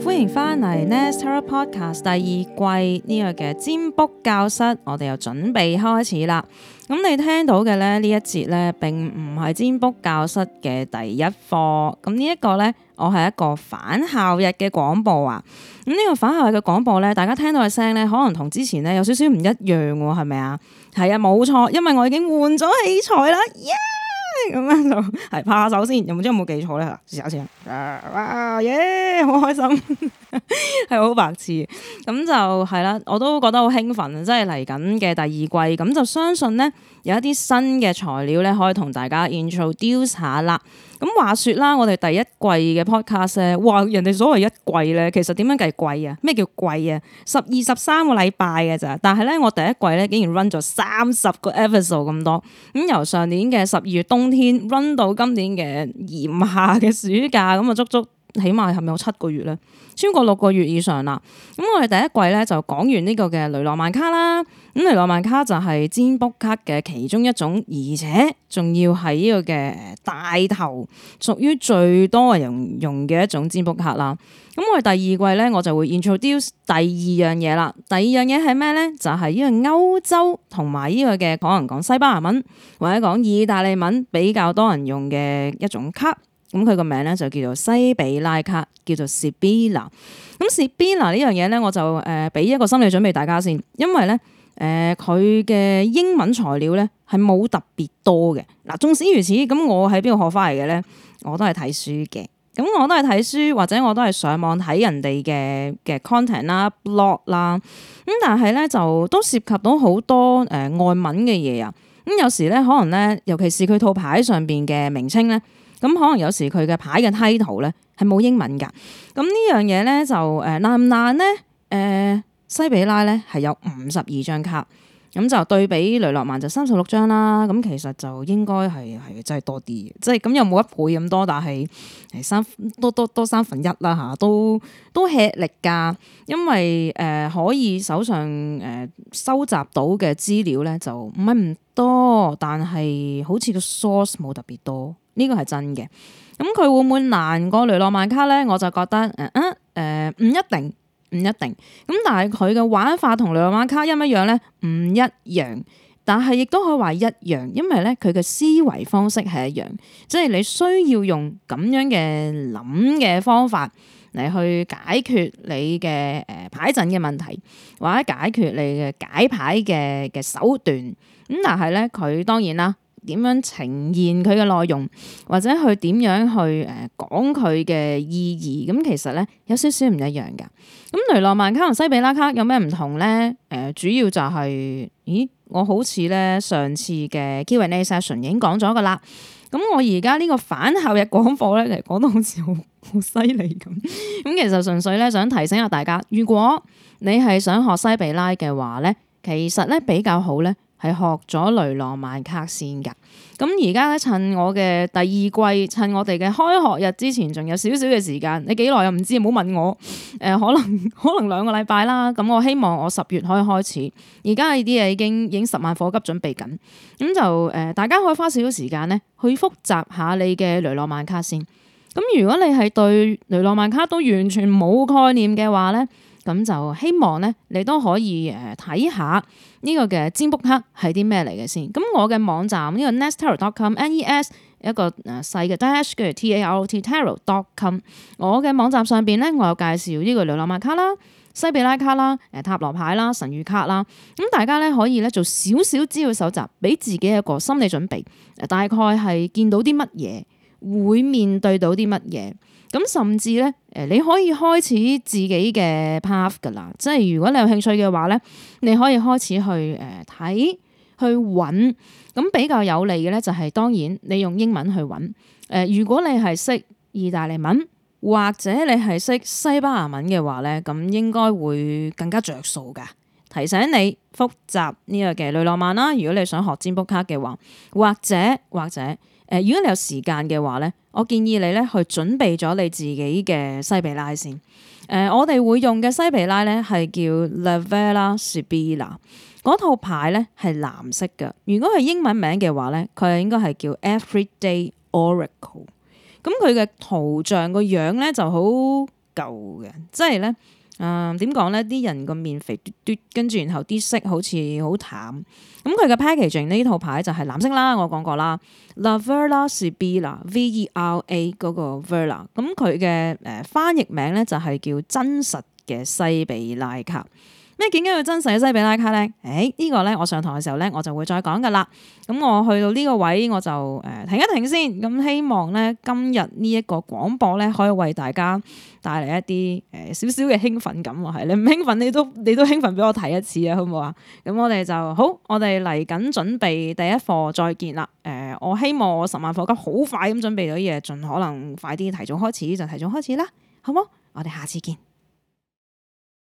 歡迎翻嚟《Nestara Podcast》第二季呢、這個嘅占卜教室，我哋又準備開始啦。咁你聽到嘅咧呢一節咧，並唔係占卜教室嘅第一課。咁呢一個咧，我係一個返校日嘅廣播啊。咁呢個返校日嘅廣播咧，大家聽到嘅聲咧，可能同之前咧有少少唔一樣，係咪啊？係啊，冇錯，因為我已經換咗器材啦。Yeah! 咁樣就係拍下手先，有冇知有冇記錯咧？試下先、啊。哇耶，好開心，係 好白痴，咁就係啦。我都覺得好興奮，即係嚟緊嘅第二季，咁就相信咧有一啲新嘅材料咧可以同大家 introduce 下啦。咁話說啦，我哋第一季嘅 podcast 咧，哇，人哋所謂一季咧，其實點樣計季啊？咩叫季啊？十二十三個禮拜嘅咋？但係咧，我第一季咧竟然 run 咗三十個 episode 咁多，咁、嗯、由上年嘅十二月冬天溫到今年嘅炎夏嘅暑假，咁啊足足，起碼係咪有七個月咧？超過六個月以上啦。咁我哋第一季咧就講完呢個嘅雷諾曼卡啦。咁雷諾曼卡就係占卜卡嘅其中一種，而且仲要係呢個嘅大頭，屬於最多人用嘅一種占卜卡啦。咁我哋第二季咧，我就會 introduce 第二樣嘢啦。第二樣嘢係咩咧？就係、是、呢個歐洲同埋呢個嘅可能講西班牙文或者講意大利文比較多人用嘅一種卡。咁佢個名咧就叫做西比拉卡，叫做 Sibila。咁 Sibila 呢樣嘢咧，我就誒俾、呃、一個心理準備大家先，因為咧誒佢嘅英文材料咧係冇特別多嘅。嗱、呃，縱使如此，咁我喺邊度學翻嚟嘅咧？我都係睇書嘅。咁我都係睇書，或者我都係上網睇人哋嘅嘅 content 啦、blog 啦。咁、嗯、但係咧就都涉及到好多誒、呃、外文嘅嘢啊。咁有時咧可能咧，尤其是佢套牌上邊嘅名稱咧。咁可能有時佢嘅牌嘅 title 咧係冇英文㗎，咁呢樣嘢咧就誒難唔難咧？誒、呃、西比拉咧係有五十二張卡，咁就對比雷諾曼就三十六張啦。咁其實就應該係係真係多啲嘅，即係咁又冇一倍咁多，但係誒三多多多三分一啦嚇，都都吃力㗎，因為誒、呃、可以手上誒、呃、收集到嘅資料咧就唔係唔多，但係好似個 source 冇特別多。呢個係真嘅，咁佢會唔會難過雷諾曼卡咧？我就覺得誒啊誒，唔、呃呃、一定，唔一定。咁但係佢嘅玩法同雷諾曼卡一唔一樣咧？唔一樣，但係亦都可以話一樣，因為咧佢嘅思維方式係一樣，即係你需要用咁樣嘅諗嘅方法嚟去解決你嘅誒、呃、牌陣嘅問題，或者解決你嘅解牌嘅嘅手段。咁但係咧，佢當然啦。點樣呈現佢嘅內容，或者去點樣去誒、呃、講佢嘅意義？咁其實咧有少少唔一樣㗎。咁雷諾曼卡同西比拉卡有咩唔同咧？誒、呃、主要就係、是，咦我好似咧上次嘅 Q&A session 已經講咗㗎啦。咁我而家呢個反效日廣播咧，其實講得好似好好犀利咁。咁 其實純粹咧想提醒下大家，如果你係想學西比拉嘅話咧，其實咧比較好咧。係學咗雷諾曼卡先㗎，咁而家咧趁我嘅第二季，趁我哋嘅開學日之前，仲有少少嘅時間，你幾耐又唔知，唔好問我。誒、呃，可能可能兩個禮拜啦，咁、嗯、我希望我十月可以開始。而家呢啲嘢已經已經十萬火急準備緊，咁、嗯、就誒、呃，大家可以花少少時間咧，去複習下你嘅雷諾曼卡先。咁、嗯、如果你係對雷諾曼卡都完全冇概念嘅話咧。咁就希望咧，你都可以誒睇下呢個嘅占卜卡係啲咩嚟嘅先。咁我嘅網站呢、呢個 nest-tarot.com, N E S 一個誒細嘅 dash 嘅 T A R O T，tarot.com。Com，我嘅網站上邊咧，我有介紹呢個兩浪馬卡啦、西比拉卡啦、誒塔羅牌啦、神諭卡啦。咁大家咧可以咧做少少資料搜集，俾自己一個心理準備，大概係見到啲乜嘢。會面對到啲乜嘢？咁甚至咧，誒你可以開始自己嘅 path 噶啦，即係如果你有興趣嘅話咧，你可以開始去誒睇、呃、去揾咁比較有利嘅咧、就係，就係當然你用英文去揾、呃、如果你係識意大利文或者你係識西班牙文嘅話咧，咁應該會更加着數噶。提醒你複習呢、呢個嘅雷諾曼啦。如果你想學占卜卡嘅話，或者或者。誒，如果你有時間嘅話咧，我建議你咧去準備咗你自己嘅西比拉先。誒、呃，我哋會用嘅西比拉咧係叫 La Vella Sibila，嗰套牌咧係藍色嘅。如果係英文名嘅話咧，佢係應該係叫 Everyday Oracle。咁佢嘅圖像個樣咧就好舊嘅，即係咧。誒，點講呢？啲人個面肥嘟嘟，跟住然後啲色好似好淡。咁、嗯、佢嘅 packaging 呢套牌就係藍色啦，我講過啦。La Vera Sibilla 啦，V-E-R-A 嗰個 Vera。咁佢嘅誒翻譯名咧就係叫真實嘅西比拉卡。咩點解要真實嘅西比拉卡咧？誒、哎，呢、這個咧，我上堂嘅時候咧，我就會再講噶啦。咁我去到呢個位，我就誒停一停先。咁希望咧，今日呢一個廣播咧，可以為大家帶嚟一啲誒少少嘅興奮感啊！係你唔興奮，你都你都興奮俾我睇一次啊！好唔好啊？咁我哋就好，我哋嚟緊準備第一課，再見啦。誒、呃，我希望我十萬火急，好快咁準備到嘢，盡可能快啲提早開始就提早開始啦，好冇？我哋下次見。